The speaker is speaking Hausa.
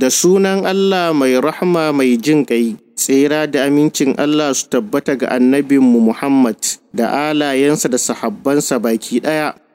da sunan Allah mai rahma mai jin ƙai, tsira da amincin Allah su tabbata ga annabinmu Muhammad da alayensa da sahabbansa baki ɗaya.